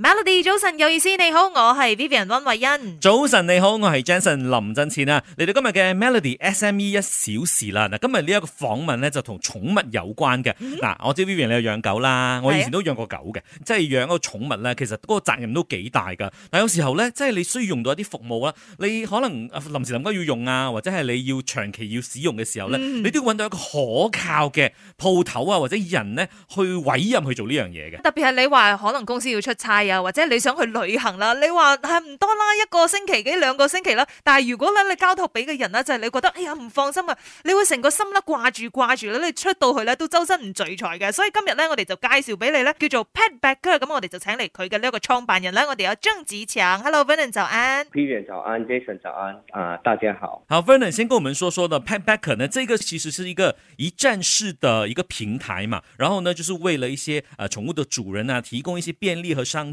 Melody 早晨有意思，你好，我係 Vivian 溫慧欣。早晨你好，我係 Jason 林振前。啊，嚟到今日嘅 Melody SME 一小時啦。嗱，今日呢一個訪問咧就同寵物有關嘅。嗱、mm -hmm.，我知道 Vivian 你有養狗啦，我以前都養過狗嘅，yeah. 即係養個寵物咧，其實嗰個責任都幾大噶。但有時候咧，即係你需要用到一啲服務啦，你可能臨時臨急要用啊，或者係你要長期要使用嘅時候咧，mm -hmm. 你都要搵到一個可靠嘅鋪頭啊，或者人咧去委任去做呢樣嘢嘅。特別係你話可能公司要出差。又或者你想去旅行啦？你話係唔多啦一個星期幾兩個星期啦？但係如果咧你交託俾嘅人啦，就係、是、你覺得哎呀唔放心啊，你會成個心咧掛住掛住咧你出到去咧都周身唔聚財嘅。所以今日咧我哋就介紹俾你咧叫做 Petbacker 咁，我哋就請嚟佢嘅呢一個創辦人咧，我哋有張子祥 Hello Vernon 早安，Piers 早安，Jason 早安，啊大家好。好 Vernon 先跟我們說說呢、嗯、Petbacker 呢，呢、這個其實是一個一站式的一個平台嘛，然後呢就是為了一些啊寵、呃、物的主人啊提供一些便利和商。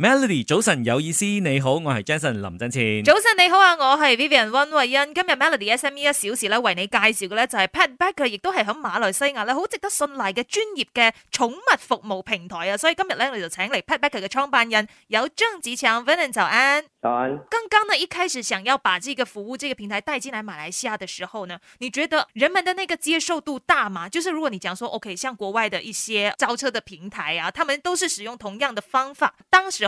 Melody 早晨有意思，你好，我係 Jason 林振前。早晨你好啊，我係 Vivian 溫慧欣。今日 Melody SME 一小時咧為你介紹嘅咧就係、是、Petbacker，亦都係響馬來西亞咧好值得信賴嘅專業嘅寵物服務平台啊。所以今日咧我哋就請嚟 Petbacker 嘅創辦人有張子強 Vinny，早安。早安。剛剛呢一開始想要把這個服務、這個平台帶進來馬來西亞的時候呢，你覺得人們的那個接受度大嗎？就是如果你講說，OK，像國外的一些招車的平台啊，他們都是使用同樣的方法，當時。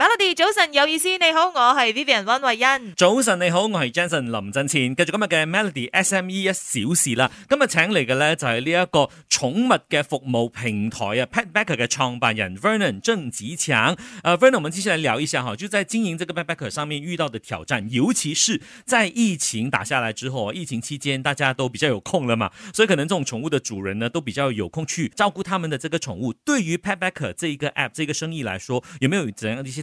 Melody 早晨有意思，你好，我係 Vivian 溫慧欣。早晨你好，我係 Jenson 林振前。繼續今日嘅 Melody SME 一小時啦。今日請嚟嘅咧就係呢一個寵物嘅服務平台啊，PetBacker 嘅創辦人 Vernon 鄭子強。Uh, Vernon，我們接下來聊一下哈，就在經營這個 PetBacker 上面遇到的挑戰，尤其是在疫情打下來之後，疫情期間大家都比較有空了嘛，所以可能這種寵物嘅主人呢都比較有空去照顧他們的這個寵物。對於 PetBacker 這一個 app，這個生意來說，有沒有怎樣一些？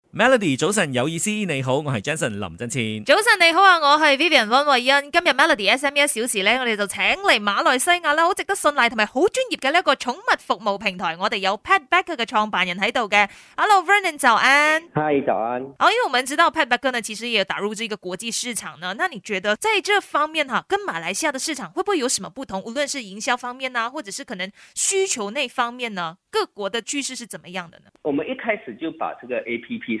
Melody 早晨有意思，你好，我係 Jason 林振千。早晨你好啊，我係 Vivian 溫慧欣。今日 Melody S M E 一小時咧，我哋就請嚟馬來西亞啦，好值得信賴同埋好專業嘅呢一個寵物服務平台，我哋有 PetBacker 嘅創辦人喺度嘅。Hello Vernon，早安，hi，早安。哦，因為我們知道 PetBacker 呢，其實也打入呢個國際市場呢。那你覺得在這方面哈、啊，跟馬來西亞的市場會不會有什麼不同？無論是營銷方面啊，或者是可能需求那方面呢，各國的趨勢是怎麼樣的呢？我們一開始就把這個 A P P。